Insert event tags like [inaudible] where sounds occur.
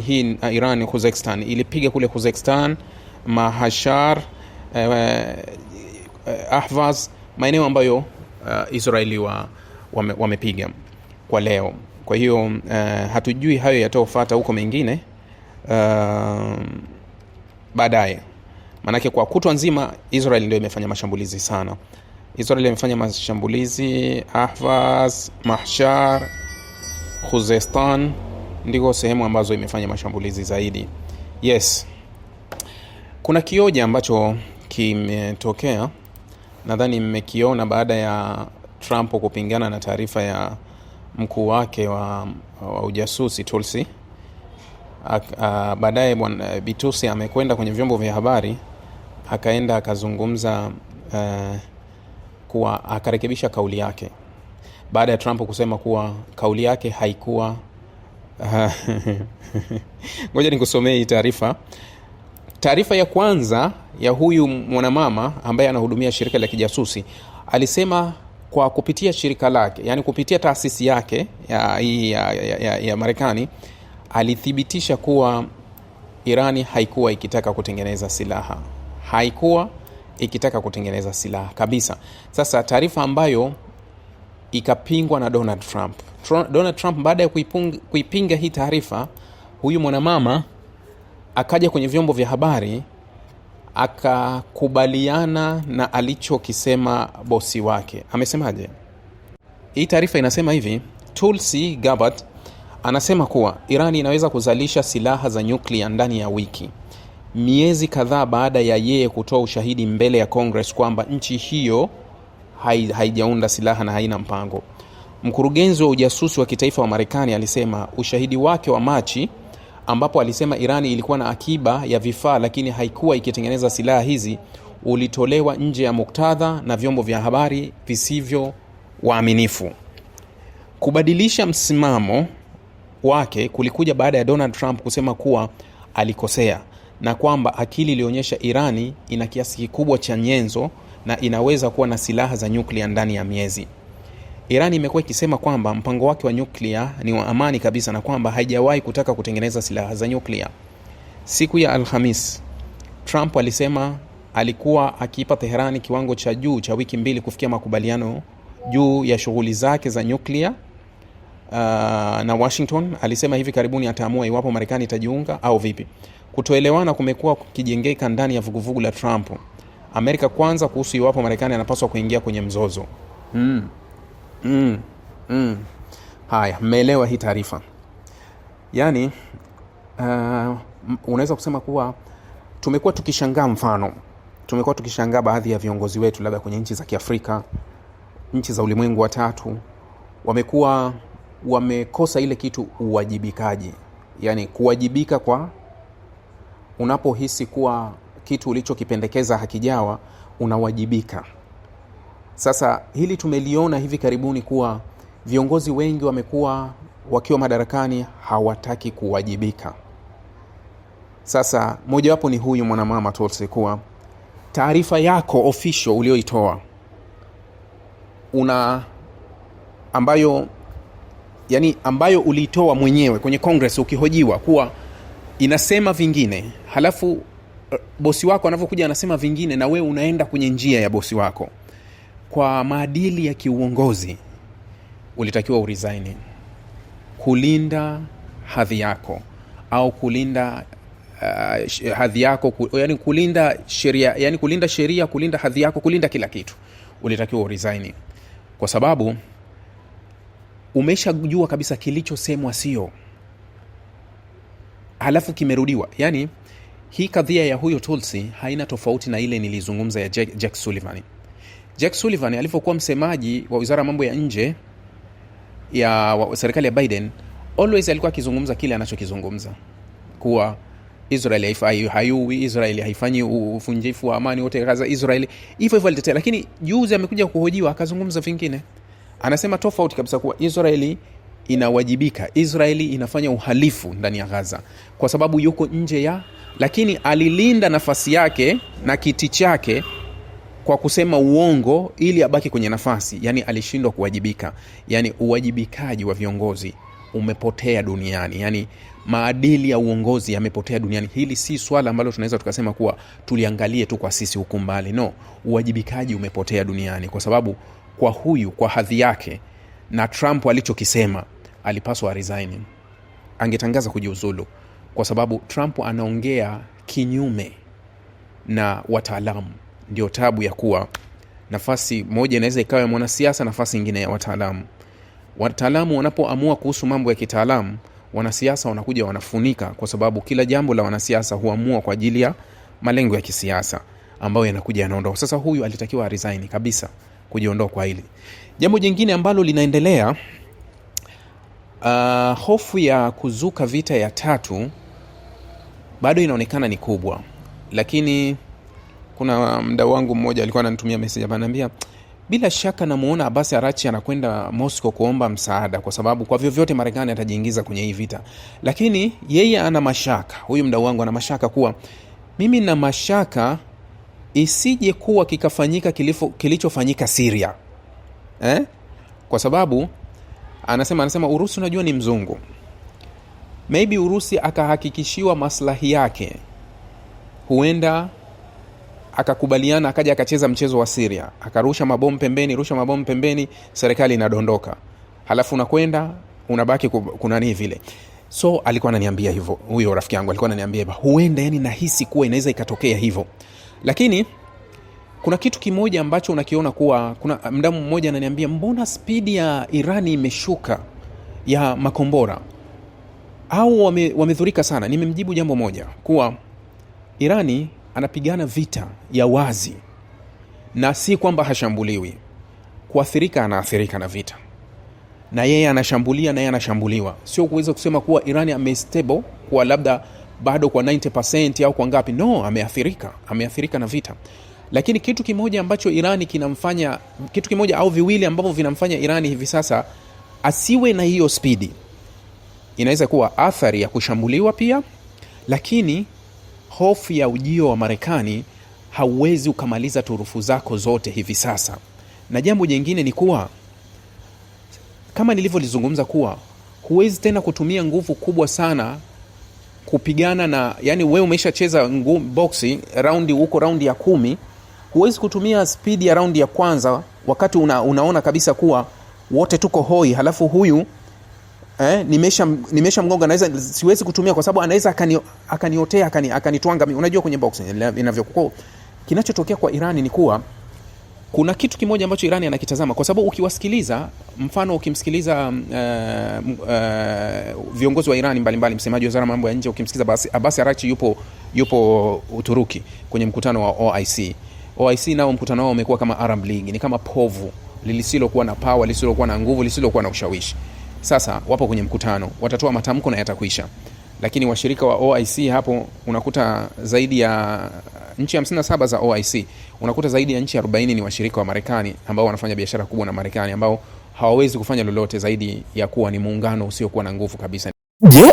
hii uh, Iran Kuzekstan ilipiga kule Kuzekstan, Mahashar, eh, eh, Ahvaz, maeneo ambayo uh, Israeli wa, wame, wamepiga kwa leo. Kwa hiyo uh, hatujui hayo yataofata huko mengine uh, baadaye, maanake kwa kutwa nzima Israel ndio imefanya mashambulizi sana. Israel imefanya mashambulizi Ahvaz, Mahshar, Khuzestan ndiko sehemu ambazo imefanya mashambulizi zaidi. Yes, kuna kioja ambacho kimetokea, nadhani mmekiona baada ya Trump kupingana na taarifa ya mkuu wake wa, wa ujasusi Tulsi. Baadaye eh, Bitusi amekwenda kwenye vyombo vya habari akaenda akazungumza uh, kuwa akarekebisha kauli yake baada ya Trump kusema kuwa kauli yake haikuwa [laughs] ngoja nikusomee hii taarifa. Taarifa ya kwanza ya huyu mwanamama ambaye anahudumia shirika la kijasusi alisema kwa kupitia shirika lake, yani kupitia taasisi yake ya, ya, ya, ya, ya Marekani alithibitisha kuwa Irani haikuwa ikitaka kutengeneza silaha, haikuwa ikitaka kutengeneza silaha kabisa. Sasa taarifa ambayo ikapingwa na Donald Trump Donald Trump baada ya kuipinga hii taarifa, huyu mwanamama akaja kwenye vyombo vya habari akakubaliana na alichokisema bosi wake. Amesemaje? Hii taarifa inasema hivi, Tulsi Gabbard anasema kuwa Iran inaweza kuzalisha silaha za nyuklia ndani ya wiki, miezi kadhaa baada ya yeye kutoa ushahidi mbele ya Congress kwamba nchi hiyo haijaunda silaha na haina mpango. Mkurugenzi wa ujasusi wa kitaifa wa Marekani alisema ushahidi wake wa Machi ambapo alisema Irani ilikuwa na akiba ya vifaa lakini haikuwa ikitengeneza silaha hizi ulitolewa nje ya muktadha na vyombo vya habari visivyo waaminifu. Kubadilisha msimamo wake kulikuja baada ya Donald Trump kusema kuwa alikosea na kwamba akili ilionyesha Irani ina kiasi kikubwa cha nyenzo na inaweza kuwa na silaha za nyuklia ndani ya miezi Iran imekuwa ikisema kwamba mpango wake wa nyuklia ni wa amani kabisa na kwamba haijawahi kutaka kutengeneza silaha za nyuklia. Siku ya Alhamis, Trump alisema alikuwa akiipa Teherani kiwango cha juu cha wiki mbili kufikia makubaliano juu ya shughuli zake za nyuklia. Uh, na Washington alisema hivi karibuni ataamua iwapo Marekani itajiunga au vipi. Kutoelewana kumekuwa kukijengeka ndani ya vuguvugu la Trump Amerika kwanza kuhusu iwapo Marekani anapaswa kuingia kwenye mzozo. Hmm mm, mm. Haya, mmeelewa hii taarifa yaani, uh, unaweza kusema kuwa tumekuwa tukishangaa, mfano tumekuwa tukishangaa baadhi ya viongozi wetu labda kwenye nchi za Kiafrika, nchi za ulimwengu wa tatu, wamekuwa wamekosa ile kitu uwajibikaji, yaani kuwajibika kwa unapohisi kuwa kitu ulichokipendekeza hakijawa unawajibika. Sasa hili tumeliona hivi karibuni kuwa viongozi wengi wamekuwa wakiwa madarakani hawataki kuwajibika. Sasa mojawapo ni huyu mwanamama Tolse, kuwa taarifa yako official ulioitoa una ambayo yani ambayo uliitoa mwenyewe kwenye Congress ukihojiwa kuwa inasema vingine, halafu eh, bosi wako anavyokuja anasema vingine, na wewe unaenda kwenye njia ya bosi wako kwa maadili ya kiuongozi ulitakiwa uresign, kulinda hadhi yako au kulinda uh, hadhi yako ku, yani kulinda sheria yani kulinda sheria, kulinda hadhi yako, kulinda kila kitu, ulitakiwa uresign kwa sababu umeshajua kabisa kilichosemwa sio, halafu kimerudiwa. Yani hii kadhia ya huyo Tulsi haina tofauti na ile nilizungumza ya Jack, Jack Sullivan. Jack Sullivan alivyokuwa msemaji wa wizara ya mambo ya nje ya serikali ya Biden, always alikuwa akizungumza kile anachokizungumza kuwa Israel hayui, Israel haifanyi uvunjifu wa amani wote Gaza, Israel hivyo hivyo alitetea. Lakini juzi amekuja kuhojiwa akazungumza vingine, anasema tofauti kabisa kuwa Israeli inawajibika, Israeli inafanya uhalifu ndani ya Gaza kwa sababu yuko nje ya, lakini alilinda nafasi yake na kiti chake kwa kusema uongo ili abaki kwenye nafasi, yani alishindwa kuwajibika. Yani uwajibikaji wa viongozi umepotea duniani, yani maadili ya uongozi yamepotea duniani. Hili si swala ambalo tunaweza tukasema kuwa tuliangalie tu kwa sisi huku mbali. No, uwajibikaji umepotea duniani kwa sababu kwa huyu, kwa hadhi yake na Trump alichokisema, alipaswa resign, angetangaza kujiuzulu, kwa sababu Trump anaongea kinyume na wataalamu ndio tabu ya kuwa nafasi moja inaweza ikawa ya mwanasiasa, nafasi nyingine ya wataalamu. Wataalamu wanapoamua kuhusu mambo ya kitaalamu, wanasiasa wanakuja wanafunika, kwa sababu kila jambo la wanasiasa huamua kwa ajili ya malengo ya kisiasa ambayo yanakuja yanaondoa. Sasa huyu alitakiwa resign kabisa, kujiondoa kwa hili. Jambo jingine ambalo linaendelea, uh, hofu ya kuzuka vita ya tatu bado inaonekana ni kubwa, lakini kuna mdau wangu mmoja alikuwa ananitumia message ananiambia bila shaka namuona Abasi Arachi anakwenda mosco kuomba msaada, kwa sababu kwa vyovyote Marekani atajiingiza kwenye hii vita. Lakini yeye ana mashaka, huyu mdau wangu ana mashaka kuwa mimi na mashaka isije kuwa kikafanyika kilichofanyika siria eh? Kwa sababu anasema anasema Urusi unajua ni mzungu, maybe Urusi akahakikishiwa maslahi yake, huenda akakubaliana akaja akacheza mchezo wa siria akarusha mabomu pembeni, rusha mabomu pembeni, serikali inadondoka, halafu unakwenda unabaki kunanii vile. So alikuwa ananiambia hivo huyo rafiki yangu alikuwa ananiambia hivyo, huenda yani nahisi kuwa inaweza ikatokea hivo lakini kuna kitu kimoja ambacho unakiona kuwa kuna mdamu mmoja ananiambia, mbona spidi ya Irani imeshuka ya makombora au wamedhurika wame sana? Nimemjibu jambo moja kuwa Irani anapigana vita ya wazi, na si kwamba hashambuliwi. Kuathirika anaathirika na vita, na yeye anashambulia na yeye anashambuliwa. Sio kuweza kusema kuwa iran amestable kuwa labda bado kwa 90% au kwa ngapi. No, ameathirika, ameathirika na vita. Lakini kitu kimoja ambacho Irani kinamfanya, kitu kimoja au viwili ambavyo vinamfanya Irani hivi sasa asiwe na hiyo spidi, inaweza kuwa athari ya kushambuliwa pia, lakini hofu ya ujio wa Marekani hauwezi ukamaliza turufu zako zote hivi sasa. Na jambo jingine ni kuwa kama nilivyolizungumza kuwa huwezi tena kutumia nguvu kubwa sana kupigana na, yani wewe umeshacheza boksi raundi huko raundi ya kumi, huwezi kutumia spidi ya raundi ya kwanza wakati una, unaona kabisa kuwa wote tuko hoi, halafu huyu eh, nimesha nimesha nimeshamgonga, naweza siwezi kutumia kwa sababu anaweza akaniotea akani, akanitwanga. akani, Unajua kwenye box inavyokuwa, kinachotokea kwa Irani ni kuwa kuna kitu kimoja ambacho Irani anakitazama kwa sababu ukiwasikiliza, mfano ukimsikiliza uh, uh, viongozi wa Irani mbalimbali, msemaji wa wizara mambo ya nje, ukimsikiliza Abbas Arachi yupo, yupo Uturuki kwenye mkutano wa OIC. OIC nao mkutano wao umekuwa kama Arab League, ni kama povu lilisilokuwa na pawa, lisilokuwa na nguvu, lisilokuwa na ushawishi. Sasa wapo kwenye mkutano, watatoa matamko na yatakwisha. Lakini washirika wa OIC hapo unakuta zaidi ya nchi 57 za OIC, unakuta zaidi ya nchi 40 ni washirika wa Marekani ambao wanafanya biashara kubwa na Marekani ambao hawawezi kufanya lolote zaidi ya kuwa ni muungano usiokuwa na nguvu kabisa. Je,